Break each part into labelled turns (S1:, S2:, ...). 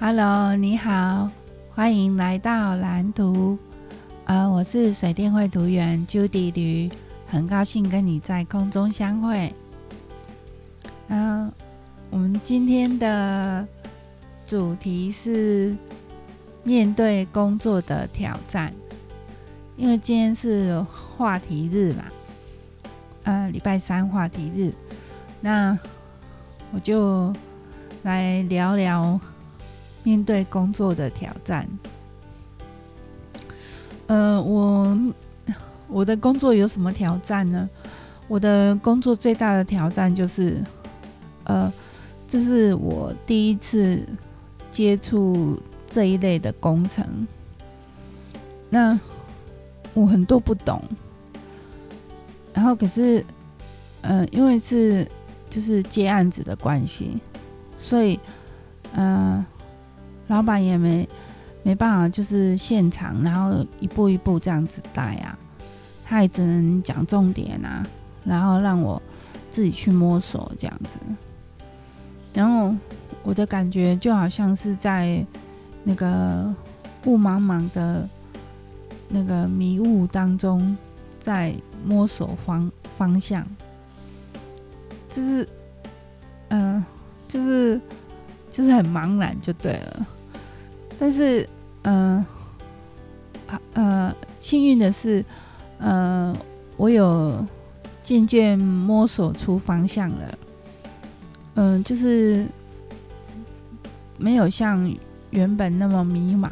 S1: Hello，你好，歡迎來到藍圖。呃，我是水電繪圖員 Judy 驢，很高興跟你在空中相會。嗯、呃，我們今天的主題是面對工作的挑戰，因為今天是話題日嘛，呃，禮拜三話題日，那我就來聊聊。面對工作的挑戰，呃，我我的工作有什麼挑戰呢？我的工作最大的挑戰就是，呃，這是我第一次接觸這一類的工程，那我很多不懂，然後可是，呃，因為是就是接案子的關係，所以，呃。老闆也沒沒辦法，就是現場，然後一步一步這樣子帶啊，他也只能講重點啊，然後讓我自己去摸索這樣子。然後我的感覺就好像是在那個霧茫茫的那個迷霧當中，在摸索方方向，呃，就是，嗯，就是就是很茫然就對了。但是，嗯、呃啊，呃，幸運的是，呃，我有漸漸摸索出方向了。嗯、呃，就是沒有像原本那麼迷茫。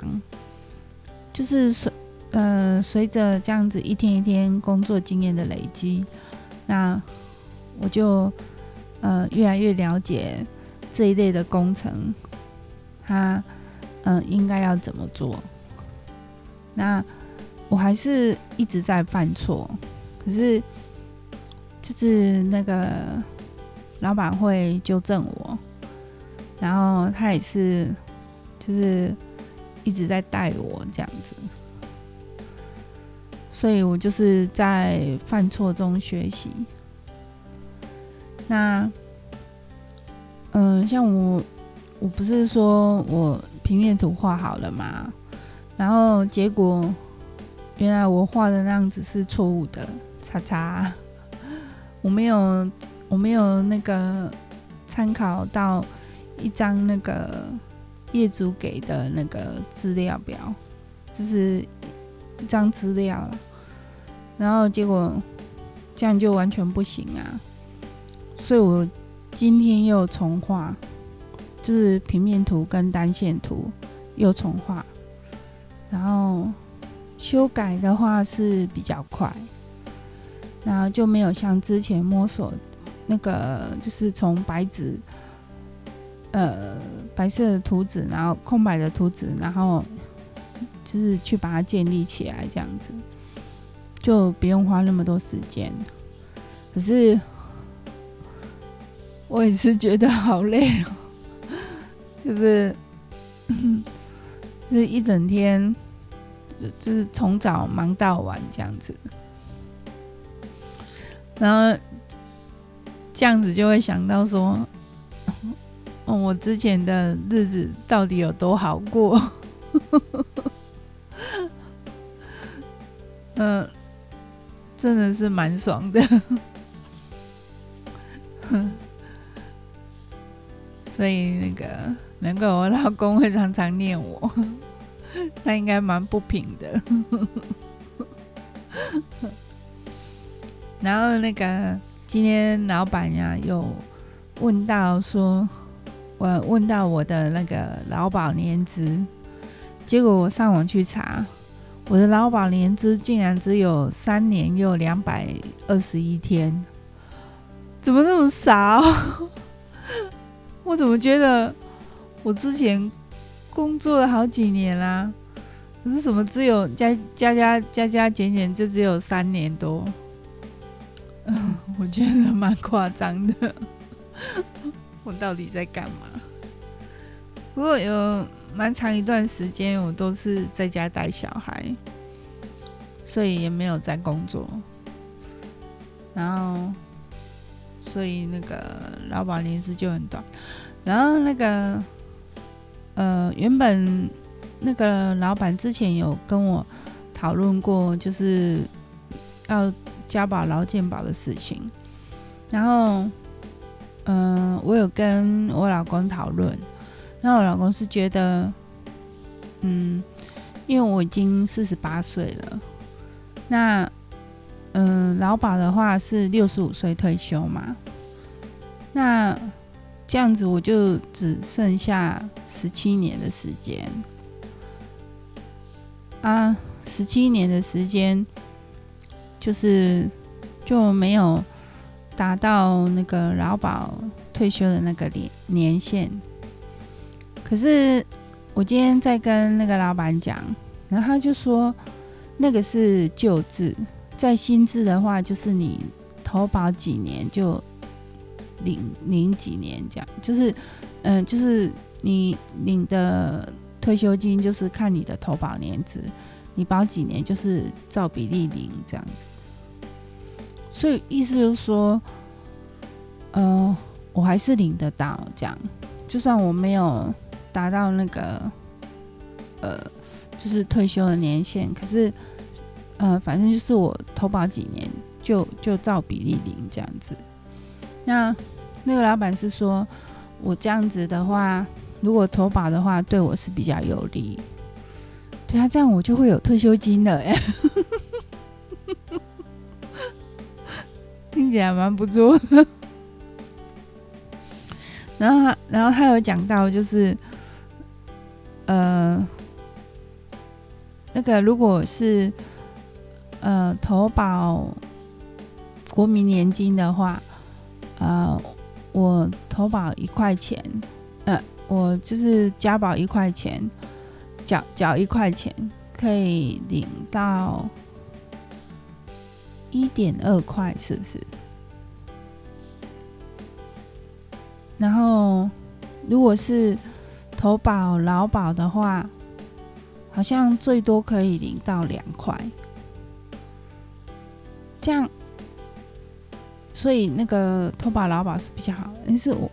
S1: 就是隨，呃，隨着這樣子一天一天工作經驗的累積，那我就呃越來越了解這一類的工程，它。嗯，應該要怎麼做？那我還是一直在犯錯，可是就是那個老闆會糾正我，然後他也是就是一直在帶我這樣子，所以我就是在犯錯中學習。那嗯，像我，我不是說我。平面圖畫好了嘛，然後結果原來我畫的那樣子是錯誤的，叉叉，我沒有我沒有那個參考到一張那個業主給的那個資料表，就是一張資料，然後結果這樣就完全不行啊，所以我今天又重畫。就是平面圖跟單線圖又重畫，然後修改的話是比較快，然後就沒有像之前摸索那個，就是從白紙，呃，白色的圖紙，然後空白的圖紙，然後就是去把它建立起來這樣子，就不用花那麼多時間。可是我也是覺得好累哦。就是，就是一整天，就是從、就是、從早忙到晚這樣子，然後這樣子就會想到說，嗯、哦、我之前的日子到底有多好過？嗯、 呃，真的是蠻爽的。 所以那個，難怪我老公會常常念我，他應該蠻不平的。 然後那個今天老闆呀，又問到說，我問到我的那個勞保年資，結果我上網去查，我的勞保年資竟然只有三年又兩百二十一天，怎麼那麼少哦？我怎麼覺得我之前工作了好幾年啦、啊？可是怎麼只有加加加加加減減，就只有三年多？嗯、呃，我覺得蠻誇張的。 我到底在幹嘛？不過有蠻長一段時間，我都是在家帶小孩，所以也沒有在工作。然後。所以那個勞保年資就很短，然後那個呃，原本那個老闆之前有跟我討論過，就是要加保勞健保的事情，然後嗯、呃，我有跟我老公討論，然後我老公是覺得，嗯，因為我已經四十八歲了，那嗯，勞、呃、保的話是六十五歲退休嘛。那這樣子我就只剩下十七年的時間啊！十七年的時間，就是就沒有達到那個勞保退休的那個年年限。可是我今天在跟那個老闆講，然後他就說那個是舊制，在新制的話，就是你投保幾年就。領領幾年這樣，就是，嗯、呃，就是你領的退休金就是看你的投保年資，你保幾年就是照比例領這樣子。所以意思就是說，嗯、呃，我還是領得到這樣，就算我沒有達到那個，呃，就是退休的年限，可是，呃，反正就是我投保幾年就就照比例領這樣子。那，那個老闆是說，我這樣子的話，如果投保的話，對我是比較有利。對啊，這樣，我就會有退休金了。誒， 聽起來蠻不錯的。 然後，他，然後他有講到，就是，呃，那個如果是呃投保國民年金的話，呃，我投保一塊錢，呃，我就是加保一塊錢，繳繳一塊錢，可以領到一點二塊，是不是？然後，如果是投保勞保的話，好像最多可以領到兩塊，這樣。所以那個投保勞保是比較好，但、欸、是我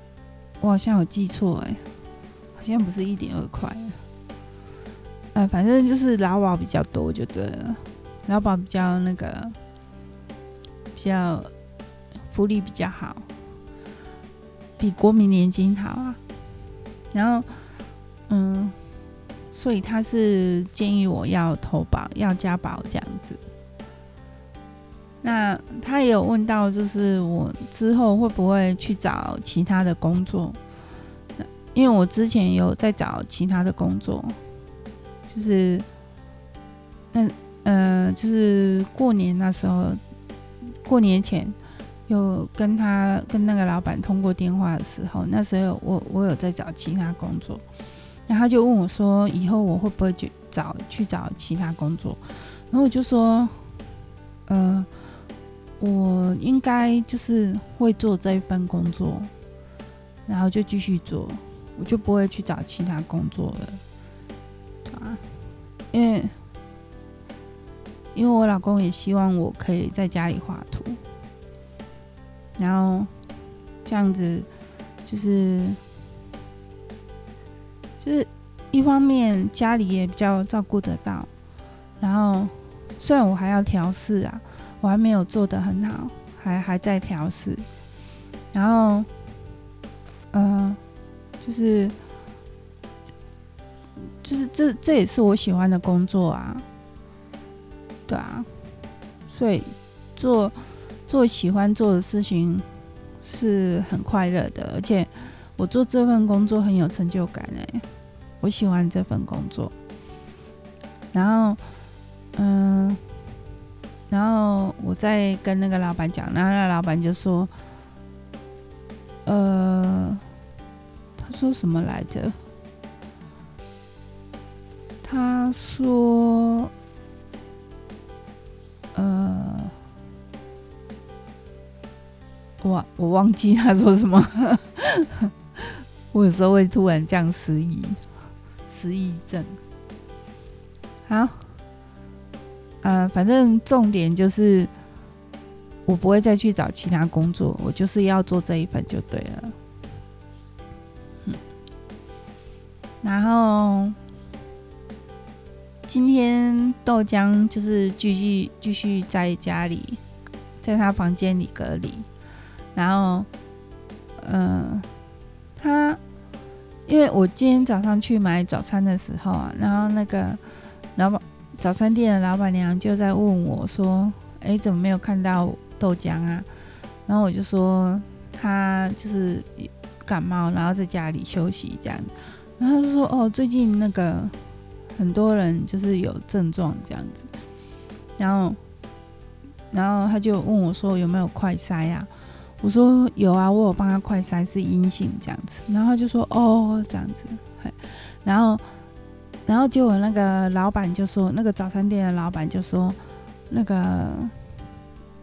S1: 我好像有記錯哎、欸，好像不是一點二塊，反正就是勞保比較多就對了，我覺得勞保比較那個比較福利比較好，比國民年金好啊。然後嗯，所以他是建議我要投保要加保這樣子。那他也有問到，就是我之後會不會去找其他的工作？因為我之前有在找其他的工作，就是那呃，就是過年那時候，過年前有跟他跟那個老闆通過電話的時候，那時候我我有在找其他工作，然後他就問我說，以後我會不會去找去找其他工作？然後我就說，呃。我應該就是會做這一份工作，然後就繼續做，我就不會去找其他工作了。因為因為我老公也希望我可以在家裡畫圖，然後這樣子就是就是一方面家裡也比較照顧得到，然後雖然我還要調試啊。我還沒有做得很好，還還在調試。然後，嗯、呃，就是，就是這這也是我喜歡的工作啊。對啊，所以做做喜歡做的事情是很快樂的，而且我做這份工作很有成就感哎、欸，我喜歡這份工作。然後。我在跟那個老闆講，然後那個老闆就說：“呃，他說什麼來着？他說……呃，我我忘記他說什麼。 我有時候會突然這樣失憶，失憶症。好，呃，反正重點就是。”我不會再去找其他工作，我就是要做這一份就對了。嗯，然後今天豆漿就是繼續繼續在家裡，在他房間裡隔離。然後，嗯、呃，他因為我今天早上去買早餐的時候啊，然後那個老闆早餐店的老闆娘就在問我說：“哎，怎麼沒有看到？”豆漿啊，然後我就說他就是感冒，然後在家裡休息這樣。然後他就說哦，最近那個很多人就是有症狀這樣子。然後，然後他就問我說有沒有快篩啊？我說有啊，我有幫他快篩是陰性這樣子。然後他就說哦這樣子。然後，然後就我那個老板就說那個早餐店的老板就說那個。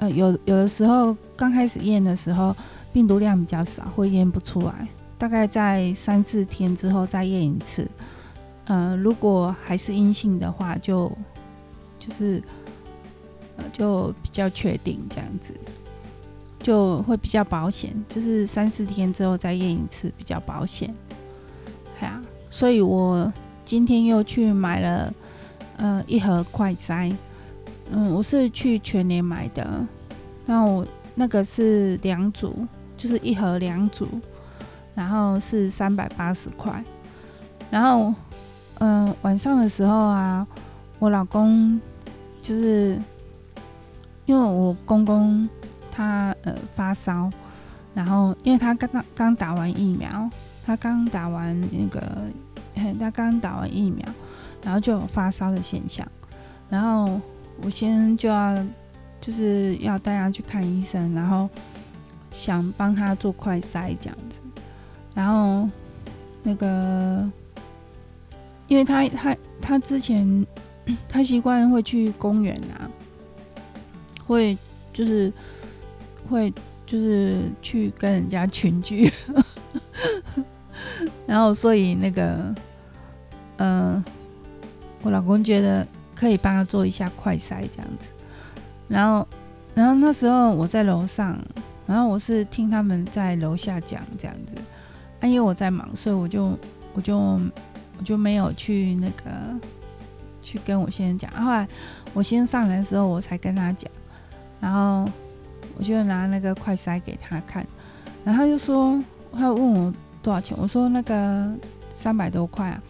S1: 呃，有有的時候剛開始驗的時候，病毒量比較少，會驗不出來。大概在三四天之後再驗一次，呃，如果還是陰性的話，就就是呃就比較確定這樣子，就會比較保險。就是三四天之後再驗一次比較保險。是啊，所以我今天又去買了呃一盒快篩。嗯，我是去全聯買的。那我那個是兩組，就是一盒兩組，然後是三百八十塊。然後，嗯、呃，晚上的時候啊，我老公就是因為我公公他呃發燒，然後因為他剛剛剛打完疫苗，他剛打完那個，嘿他剛打完疫苗，然後就有發燒的現象，然後。我先就要就是要帶他去看醫生，然後想幫他做快篩這樣子，然後那個，因為他他他之前他習慣會去公園啊，會就是會就是去跟人家群聚， 然後所以那個，嗯、呃，我老公覺得。可以幫他做一下快篩這樣子，然後，然後那時候我在樓上，然後我是聽他們在樓下講這樣子，啊、因為我在忙，所以我就，我就，我就沒有去那個，去跟我先生講。啊、後來我先上來的時候，我才跟他講，然後我就拿那個快篩給他看，然後他就說，他問我多少錢，我說那個三百多塊啊，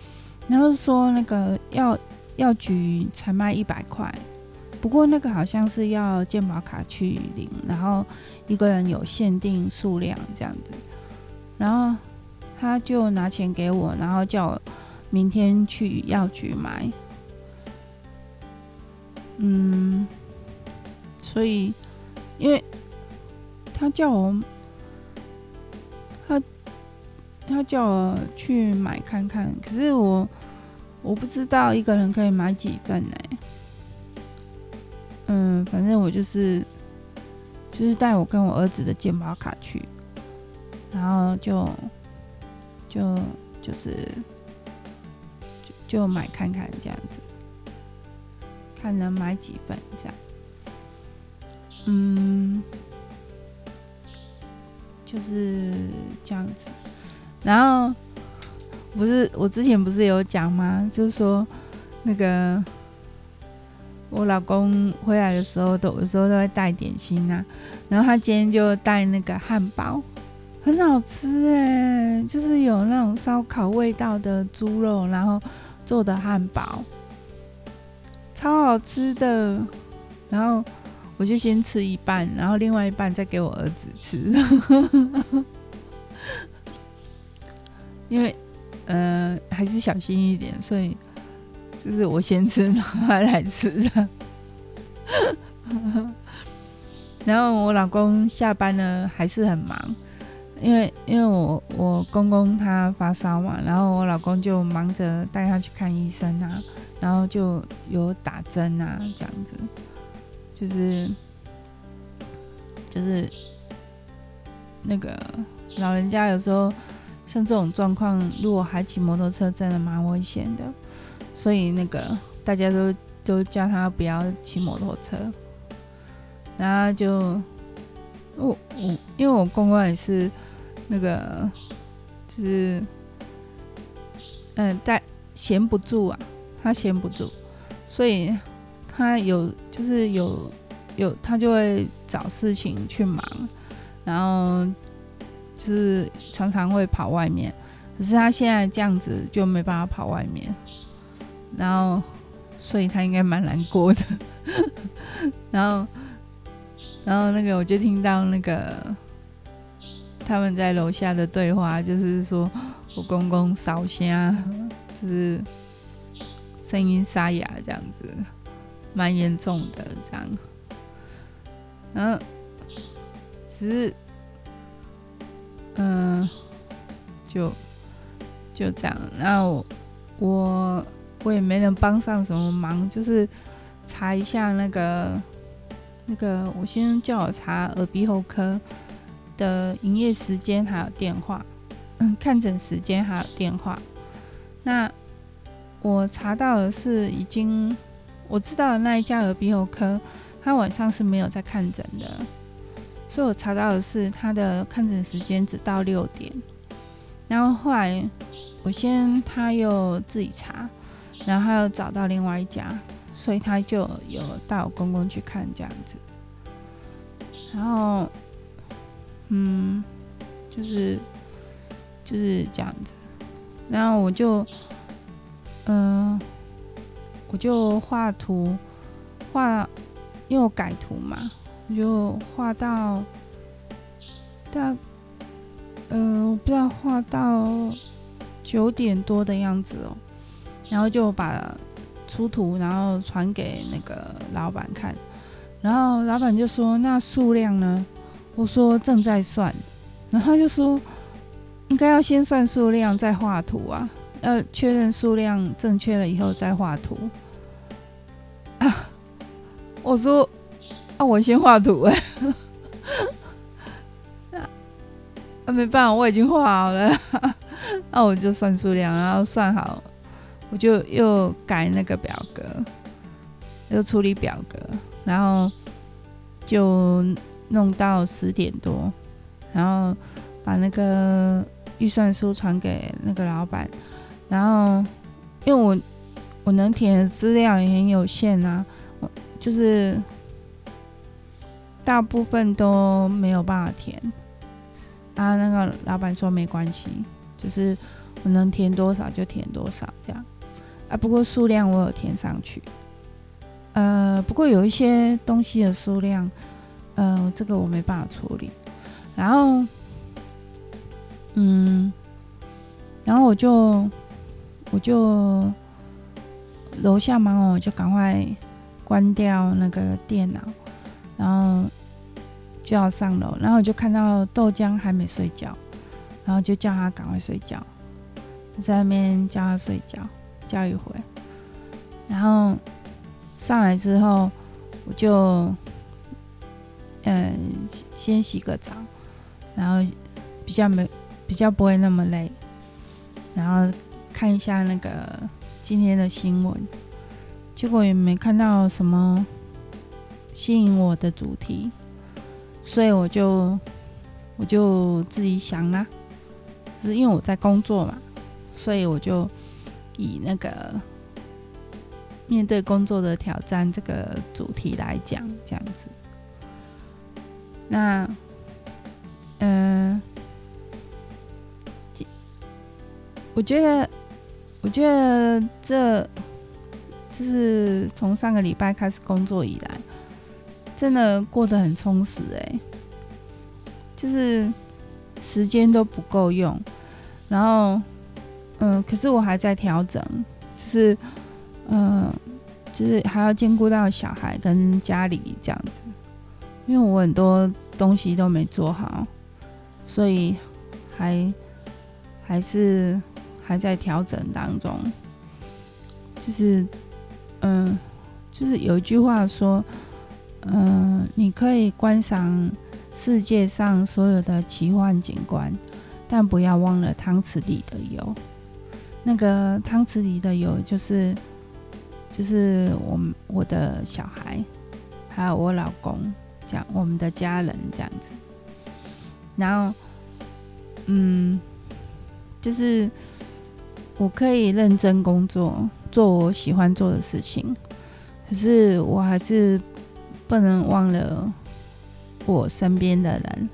S1: 然後說那個要。藥局才賣一百塊，不過那個好像是要健保卡去領，然後一個人有限定數量這樣子，然後他就拿錢給我，然後叫我明天去藥局買，嗯，所以因為他叫我，他他叫我去買看看，可是我。我不知道一個人可以買幾份呢。嗯，反正我就是，就是帶我跟我兒子的健保卡去，然後就就就是就就買看看這樣子，看能買幾份這樣，嗯，就是這樣子，然後。不是，我之前不是有講嗎？就是說，那個我老公回來的時候，都有時候都會帶點心啊。然後他今天就帶那個漢堡，很好吃哎、欸，就是有那種燒烤味道的豬肉，然後做的漢堡，超好吃的。然後我就先吃一半，然後另外一半再給我兒子吃， 因為。嗯、呃，還是小心一點，所以就是我先吃，然後他來吃的。 然後我老公下班呢，還是很忙，因為因為我我公公他發燒嘛，然後我老公就忙着帶他去看醫生啊，然後就有打針啊，這樣子，就是就是那個老人家有時候。像這種狀況，如果還騎摩托車，真的蠻危險的。所以那個大家都都叫他不要騎摩托車。然後就我我、哦，因為我公公也是那個，就是嗯，但、呃、閒不住啊，他閒不住，所以他有就是有有，他就會找事情去忙，然後。就是常常會跑外面，可是他現在這樣子就沒辦法跑外面，然後，所以他應該蠻難過的。 然後，然後那個我就聽到那個他們在樓下的對話，就是說我公公燒香，就是聲音沙啞這樣子，蠻嚴重的這樣。嗯，只是。嗯，就就這樣。那我我我也沒能幫上什麼忙，就是查一下那個那個，我先生叫我查耳鼻喉科的營業時間還有電話，嗯，看診時間還有電話。那我查到的是已經我知道的那一家耳鼻喉科，他晚上是沒有在看診的。所以我查到的是他的看診時間只到六點，然後後來我先他又自己查，然後他又找到另外一家，所以他就有帶我公公去看這樣子，然後，嗯，就是就是這樣子，然後我就，嗯、呃，我就畫圖畫，因為我改圖嘛。就畫到，大，嗯、呃，我不知道畫到九點多的樣子哦、喔，然後就把出圖，然後傳給那個老板看，然後老板就說：“那數量呢？”我說：“正在算。”然後就說：“應該要先算數量再畫圖啊，要、呃、確認數量正確了以後再畫圖啊。”我說。那、啊、我先畫圖哎，那 那、啊、沒辦法，我已經畫好了。那、 啊、我就算數量，然後算好，我就又改那個表格，又處理表格，然後就弄到十點多，然後把那個預算書傳給那個老板。然後因為我我能填的資料也很有限啊，我就是。大部分都沒有辦法填，啊，那個老闆說沒關係，就是我能填多少就填多少這樣，啊，不過數量我有填上去，呃，不過有一些東西的數量，呃，這個我沒辦法處理，然後，嗯，然後我就我就樓下忙，我就趕快關掉那個電腦。然後就要上樓，然後我就看到豆漿還沒睡覺，然後就叫他趕快睡覺，在那邊叫他睡覺叫一回，然後上來之後我就嗯先洗個澡，然後比較沒比較不會那麼累，然後看一下那個今天的新聞，結果也沒看到什麼。吸引我的主題，所以我就我就自己想啦。是因為我在工作嘛，所以我就以那個面對工作的挑戰這個主題來講，這樣子。那嗯、呃，我覺得我覺得這這、就是從上個禮拜開始工作以來。真的過得很充實欸，就是時間都不夠用，然後，嗯，可是我還在調整，就是，嗯，就是還要兼顧到小孩跟家裡這樣子，因為我很多東西都沒做好，所以還還是還在調整當中，就是，嗯，就是有一句話說。嗯，你可以觀賞世界上所有的奇幻景觀，但不要忘了湯匙裡的油。那個湯匙裡的油就是，就是就是我們，我的小孩，還有我老公，講我們的家人這樣子。然後，嗯，就是我可以認真工作，做我喜歡做的事情，可是我還是。不能忘了我身邊的人，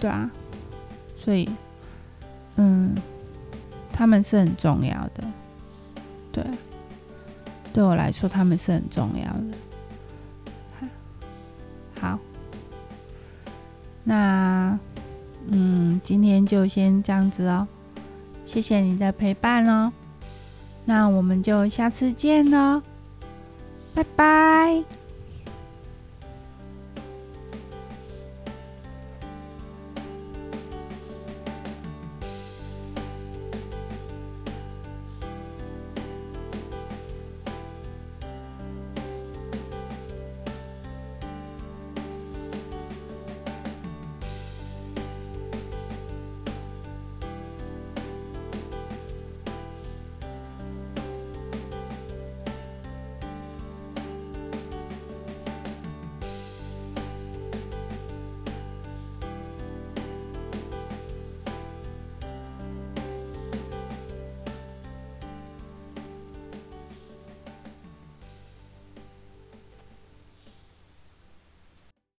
S1: 對啊，所以，嗯，他們是很重要的，對，對我來說，他們是很重要的。好，那，嗯，今天就先這樣子哦，謝謝你的陪伴哦，那我們就下次見囉。拜拜。